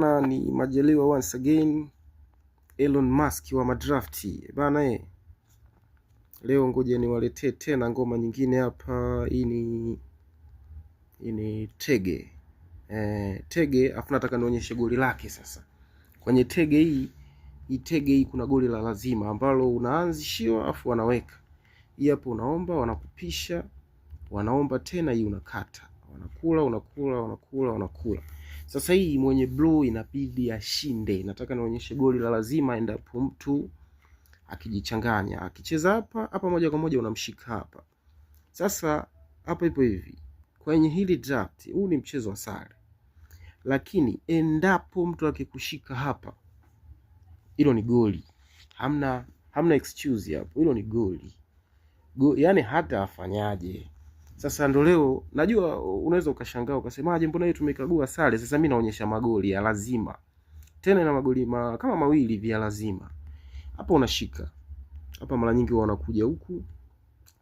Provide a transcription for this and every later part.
Na ni majaliwa once again Elon Musk wa madrafti bana e. Leo ngoja niwaletee tena ngoma nyingine hapa. Hii ni hii ni tege e, tege afu nataka nionyeshe goli lake sasa. Kwenye tege hii hii tege hii kuna goli la lazima ambalo unaanzishiwa afu wanaweka hii hapo, unaomba wanakupisha, wanaomba tena, hii unakata, wanakula unakula wanakula wanakula sasa hii mwenye bluu inabidi ashinde, nataka nionyeshe goli la lazima endapo mtu akijichanganya, akicheza hapa hapa, moja kwa moja unamshika hapa. Sasa hapa ipo hivi kwenye hili draft, huu ni mchezo wa sare, lakini endapo mtu akikushika hapa, hilo ni goli, hamna hamna excuse hapo, hilo ni goli. Go, yani hata afanyaje sasa ndo leo najua unaweza ukashangaa ukasemaje, ah, mbona hii tumekagua sare? Sasa mimi naonyesha magoli ya lazima tena na magoli ma, kama mawili vya lazima. Hapa unashika hapa, mara nyingi wanakuja huku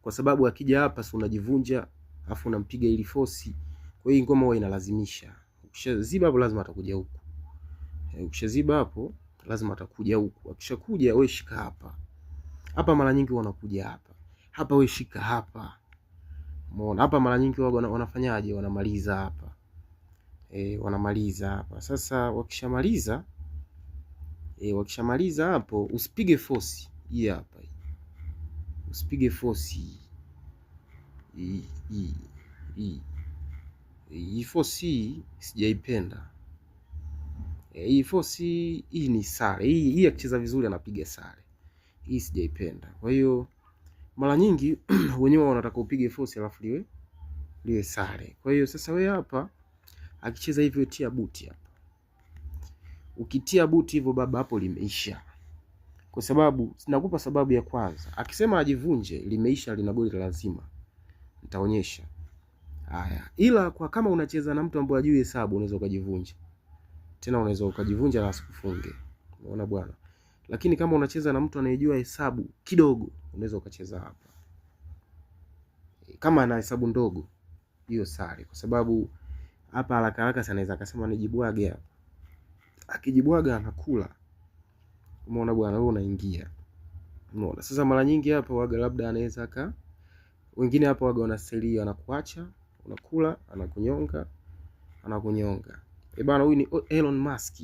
kwa sababu akija hapa, si unajivunja afu unampiga ili fosi. Kwa hiyo ngoma huwa inalazimisha, ukishaziba hapo lazima atakuja huku, eh, ukishaziba hapo lazima atakuja huku. Akishakuja wewe shika hapa hapa, mara nyingi wanakuja hapa hapa, wewe shika hapa Umeona hapa mara nyingi wana, wanafanyaje wanamaliza hapa e, wanamaliza hapa sasa. Wakishamaliza e, wakishamaliza hapo usipige fosi hii hapa, usipige fosi hii hii hii hii sijaipenda. E, hii fosi hii ni sare hii, hii akicheza vizuri anapiga sare hii sijaipenda, kwa hiyo mara nyingi wenyewe wanataka upige force alafu liwe liwe sare. Kwa hiyo sasa wewe hapa akicheza hivyo, tia buti hapa. Ukitia buti hivyo baba, hapo limeisha, kwa sababu nakupa sababu ya kwanza. Akisema ajivunje, limeisha, lina goli lazima, nitaonyesha haya. Ila kwa kama unacheza na mtu ambaye hajui hesabu, unaweza ukajivunja tena, unaweza ukajivunja na asikufunge. Unaona bwana lakini kama unacheza na mtu anayejua hesabu kidogo, unaweza ukacheza hapa. Kama ana hesabu ndogo, hiyo sare, kwa sababu hapa haraka haraka sana anaweza akasema nijibwage hapa. Akijibwaga anakula. Umeona bwana, wewe unaingia. Umeona sasa, mara nyingi hapa waga labda anaweza aka wengine hapa waga wanaselia, anakuacha unakula, anakunyonga, anakunyonga. E bwana, huyu ni Elon Musk,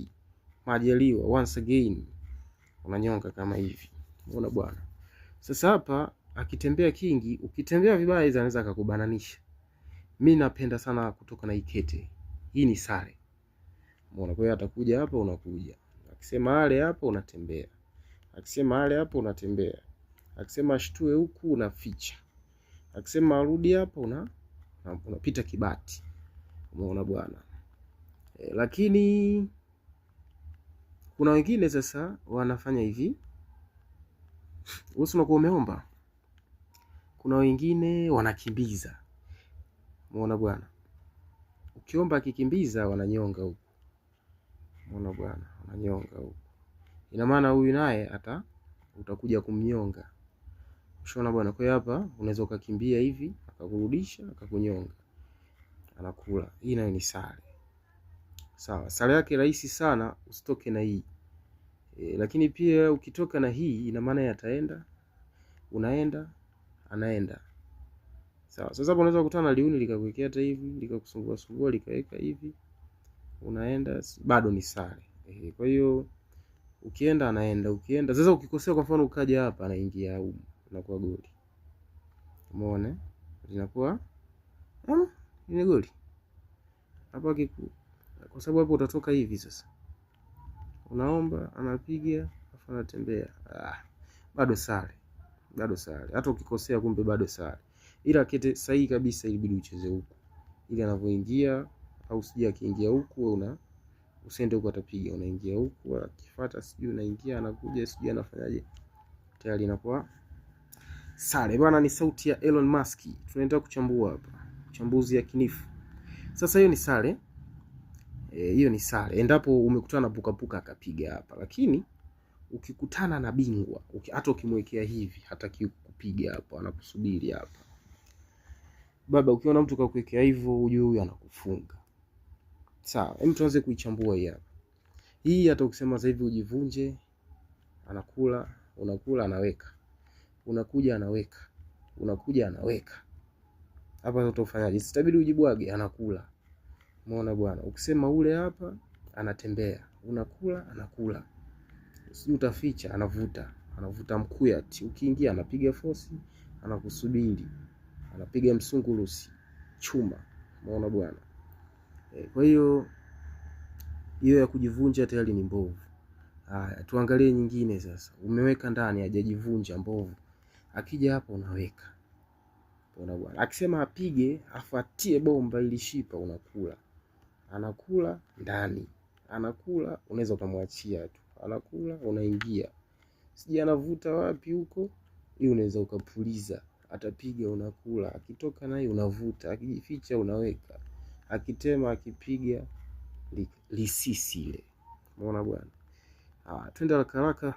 majaliwa once again unanyonga kama hivi. Unaona bwana. Sasa hapa akitembea kingi, ukitembea vibaya hizo anaweza akakubananisha. Mimi napenda sana kutoka na ikete Hii ni sare. Unaona, kwa hiyo atakuja hapa unakuja. Akisema ale hapo unatembea. Akisema ale hapo unatembea. Akisema ashtue huku unaficha. Akisema arudi hapo una unapita kibati. Umeona bwana. E, lakini kuna wengine sasa wanafanya hivi, wewe unakuwa umeomba. Kuna wengine wanakimbiza, muona bwana, ukiomba akikimbiza wananyonga huku muona bwana, wananyonga huku Ina maana huyu naye hata utakuja kumnyonga, ushaona bwana. Kwa hiyo hapa unaweza ukakimbia hivi akakurudisha akakunyonga, anakula. Hii nayo ni sare sawa, sala yake rahisi sana, usitoke na hii e, lakini pia ukitoka na hii ina maana yataenda, unaenda, anaenda sawa. Sasa hapo unaweza kukutana na liuni likakuwekea hata hivi likakusumbua sumbua likaweka hivi, unaenda, bado ni sare e, kwa hiyo ukienda anaenda, ukienda. Sasa ukikosea, kwa mfano ukaja hapa, anaingia au inakuwa goli. Umeona, linakuwa ni goli hapa kiku kwa sababu hapo utatoka hivi sasa, unaomba anapiga afu anatembea. Ah, bado sare, bado sare. Hata ukikosea kumbe bado sare, ila kete sahihi kabisa ilibidi ucheze huku, ili anavyoingia au sija akiingia huku wewe una usende huku, atapiga unaingia huku, akifuata sijui unaingia, anakuja sijui anafanyaje, tayari inakuwa sare bwana. Ni sauti ya Elon Musk, tunaenda kuchambua hapa, uchambuzi yakinifu. Sasa hiyo ni sare. E, hiyo e, ni sare endapo umekutana na pukapuka akapiga hapa, lakini ukikutana na bingwa uki, hata ukimwekea hivi hataki kupiga hapa, anakusubiri hapa baba. Ukiona mtu kakuwekea hivyo, ujue huyu anakufunga. Sawa, hem, tuanze kuichambua hii hapa. Hii hata ukisema sasa hivi ujivunje, anakula unakula, anaweka unakuja, anaweka unakuja, anaweka hapa. Sasa utafanyaje? Sitabidi ujibwage, anakula Umeona bwana, ukisema ule hapa, anatembea, unakula, anakula, si utaficha, anavuta, anavuta mkuya mkuyati, ukiingia anapiga fosi, anakusubiri, anapiga msungurusi, chuma. Umeona bwana e, kwa hiyo hiyo ya kujivunja tayari ni mbovu. Haya, tuangalie nyingine sasa. Umeweka ndani hajajivunja, mbovu. Akija hapa unaweka, unaona bwana, akisema apige afuatie bomba ili shipa, unakula anakula ndani, anakula unaweza ukamwachia tu, anakula unaingia, sijui anavuta wapi huko, hiyo unaweza ukapuliza, atapiga unakula, akitoka naye unavuta, akijificha unaweka, akitema, akipiga li, lisisi ile. Umeona bwana? Ah, twende haraka haraka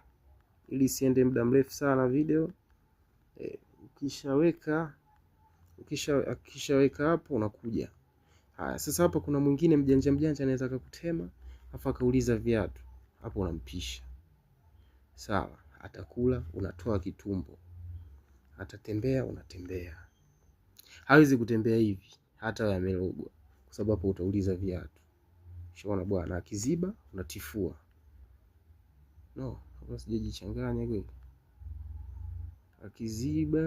ili siende muda mrefu sana video e, ukishaweka ukisha, ukishaweka hapo unakuja Haya, sasa hapa kuna mwingine mjanja mjanja anaweza akakutema afa akauliza viatu, hapo unampisha. Sawa, atakula unatoa kitumbo, atatembea unatembea. Hawezi kutembea hivi hata awe amelogwa, kwa sababu hapo utauliza viatu. Shaona bwana, akiziba unatifua. No, sijajichanganya kweli, akiziba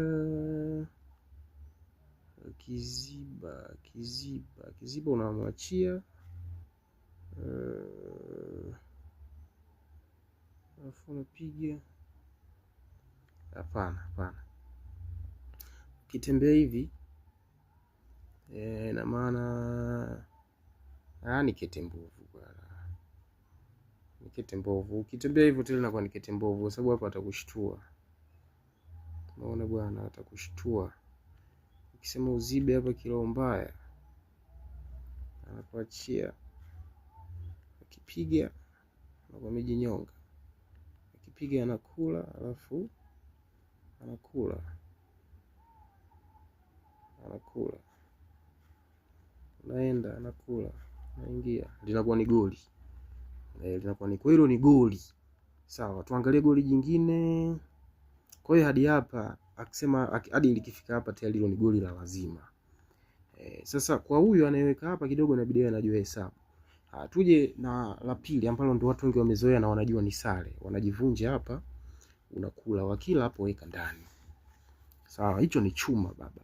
Kiziba, Kiziba, Kiziba unamwachia eh, alafu unapiga. Hapana, hapana, ukitembea hivi eh, ina maana ah, ni kete mbovu bwana, ni kete mbovu. Ukitembea hivyo tena inakuwa ni kete mbovu, kwa sababu hapa atakushtua. Unaona bwana, atakushtua. Ukisema uzibe hapa kiroho mbaya, anakuachia. Akipiga miji amejinyonga, akipiga anakula, alafu anakula anakula, unaenda anakula, naingia, linakuwa ni goli eh, linakuwa ni kwa hilo, ni goli sawa. Tuangalie goli jingine. Kwa hiyo hadi hapa akisema hadi likifika hapa tayari hilo ni goli la lazima. E, sasa kwa huyu anayeweka hapa kidogo na bidii anajua hesabu. Tuje na la pili ambalo ndio watu wengi wamezoea na wanajua ni sare. Wanajivunja hapa unakula wakila hapo weka ndani. Sawa, hicho ni chuma baba.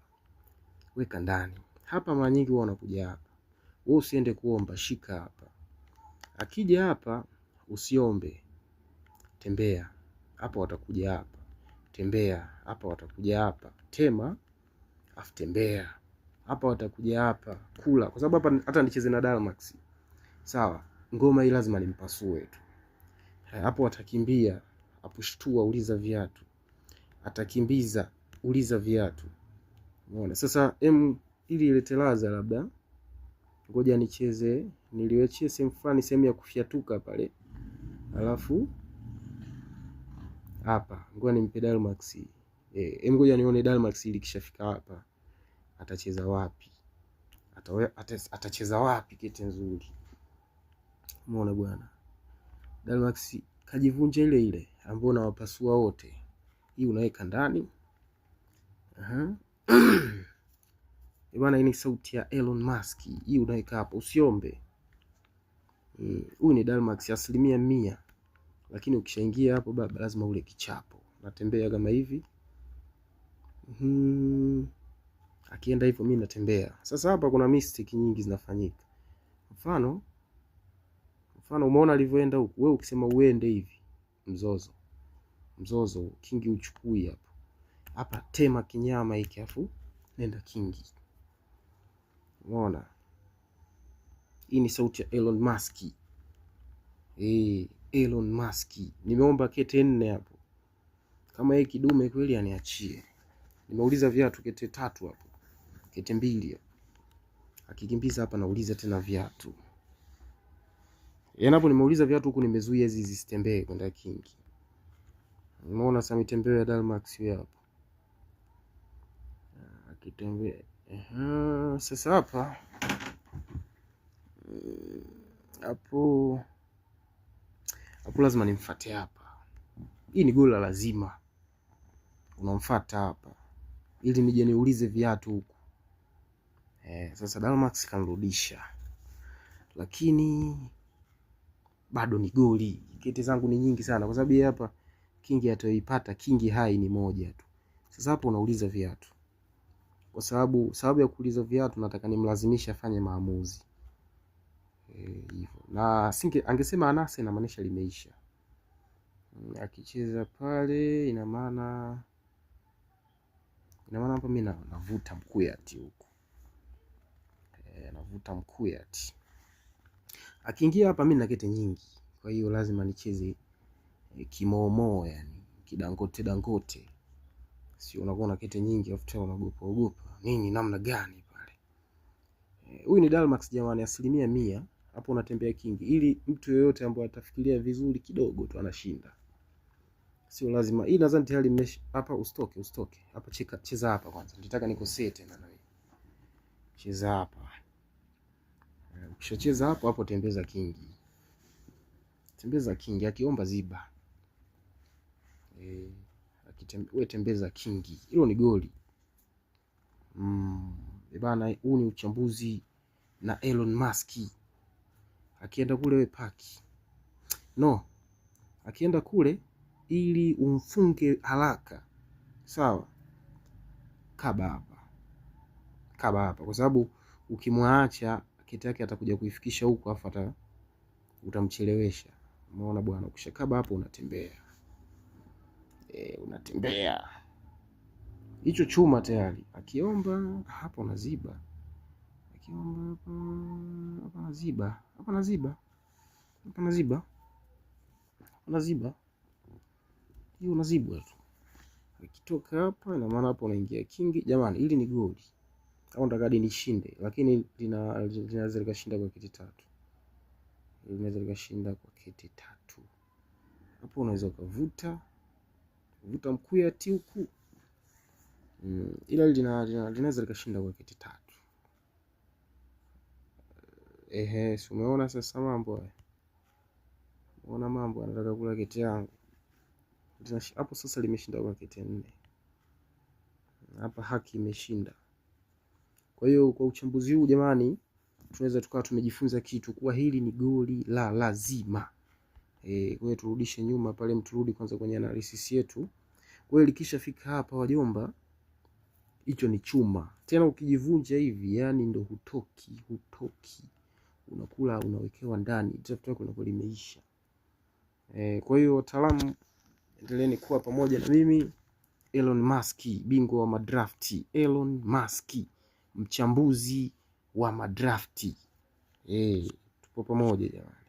Weka ndani. Hapa mara nyingi huwa wanakuja hapa. Wewe usiende kuomba, shika hapa. Akija hapa usiombe. Tembea. Hapa watakuja hapa tembea hapa, watakuja hapa, tema afu tembea hapa, watakuja hapa, kula, kwa sababu hapa hata nicheze na Dalmax sawa, ngoma hii lazima nimpasue tu eh, hapo. Watakimbia apushtua uliza viatu, atakimbiza, uliza viatu. Umeona sasa, em, ili iletelaza labda ngoja nicheze, niliwechie sehemu fulani, sehemu ya kufyatuka pale, alafu hapa, ngoja nimpe Dalmax. Eh, hem, eh, ngoja nione Dalmax kishafika hapa atacheza wapi? Atawe, atacheza wapi kete nzuri. Umeona bwana. Dalmax kajivunja ile ile ambayo nawapasua wote. Hii unaweka ndani. Aha. Eh, bwana, hii ni sauti ya Elon Musk. Hii unaweka hapo usiombe. Eh, huyu mm, ni Dalmax asilimia mia lakini ukishaingia hapo baba, lazima ule kichapo. Natembea kama hivi hmm. Akienda hivyo mi natembea sasa. Hapa kuna mistake nyingi zinafanyika, mfano mfano, umeona alivyoenda huku. Wewe ukisema uende hivi, mzozo mzozo, kingi uchukui hapo hapa, tema kinyama hiki afu nenda kingi. Umeona, hii ni sauti ya Elon Musk eh. Elon Musk. Nimeomba kete nne hapo, kama yeye kidume kweli aniachie. Nimeuliza viatu kete tatu hapo, kete mbili akikimbiza hapa, nauliza tena viatu yanapo, nimeuliza viatu huku, nimezuia hizi zisitembee kwenda kingi. Unaona sasa mitembeo ya Dalmax hiyo hapo akitembea. Sasa hapa hmm, hapo huku lazima nimfuate hapa. Hii ni goli la lazima, unamfuata hapa ili nije niulize viatu huku. Eh, sasa Dalmax kanrudisha, lakini bado ni goli. Kete zangu ni nyingi sana, kwa sababu hapa kingi atoipata kingi hai ni moja tu. Sasa hapo unauliza viatu, kwa sababu sababu ya kuuliza viatu nataka nimlazimisha afanye maamuzi. Eh, hivyo e, na singe angesema anasa inamaanisha limeisha. Mm, akicheza pale ina maana ina maana hapa mimi navuta mkuyati huku e, eh, navuta mkuyati. Akiingia hapa mimi na kete nyingi, kwa hiyo lazima nicheze e, eh, kimoomoo, yani kidangote dangote, sio unakuwa na kete nyingi afu tena unagopa ogopa nini, namna gani pale? Huyu e, ni Dalmax jamani, asilimia mia hapo unatembea kingi, ili mtu yeyote ambaye atafikiria vizuri kidogo tu anashinda. Sio lazima hii, nadhani tayari mmesh hapa. Usitoke, usitoke hapa, cheka, cheza hapa kwanza. Nitaka nikosee tena na wewe, cheza hapa. Eh, ukishacheza hapo hapo, tembeza kingi, tembeza kingi, akiomba ziba eh, akitembe, we tembeza kingi, hilo ni goli. Mm, eh, bana, huu ni uchambuzi na Elon Musk akienda kule we paki no, akienda kule ili umfunge haraka, sawa. Kaba hapa, kaba hapa, kwa sababu ukimwacha kiti yake atakuja kuifikisha huko, afu ata utamchelewesha. Umeona bwana, ukisha kaba hapo unatembea e, unatembea hicho chuma tayari, akiomba hapo unaziba. Kiombe hapa hapa na ziba Hapa na ziba Hapa na ziba Hapa na ziba Hiyo na ziba tu. Ikitoka hapa ina maana hapo unaingia kingi. Jamani, hili ni goli. Kama nataka hadi nishinde, lakini lina linaweza likashinda kwa kiti tatu. Linaweza likashinda kwa kiti tatu. Hapo unaweza ukavuta vuta mkuya ti huku. Mm, ila linaweza likashinda kwa kiti tatu. Ehe, si umeona sasa mambo haya? Umeona mambo, anataka kula kete yangu hapo. Sasa limeshinda kwa kete nne hapa, haki imeshinda. Kwa hiyo kwa uchambuzi huu jamani, tunaweza tukawa tumejifunza kitu kuwa hili ni goli la lazima. E, kwa hiyo turudishe nyuma pale, mturudi kwanza kwenye analysis yetu. Kwa hiyo likishafika hapa wajomba, hicho ni chuma tena, ukijivunja hivi yani ndo hutoki, hutoki unakula unawekewa ndani draft yako inakuwa limeisha. E, eh, kwa hiyo wataalamu, endeleeni kuwa pamoja na mimi Elon Musk, bingwa wa madrafti. Elon Musk, mchambuzi wa madrafti. E, tupo pamoja jamani.